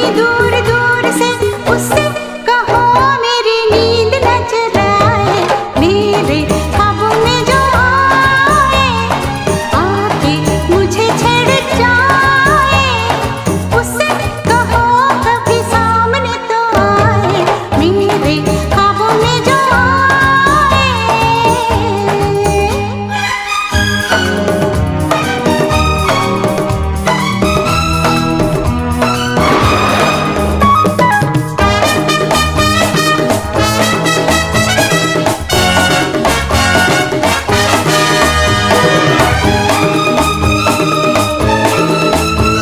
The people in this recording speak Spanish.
servidura.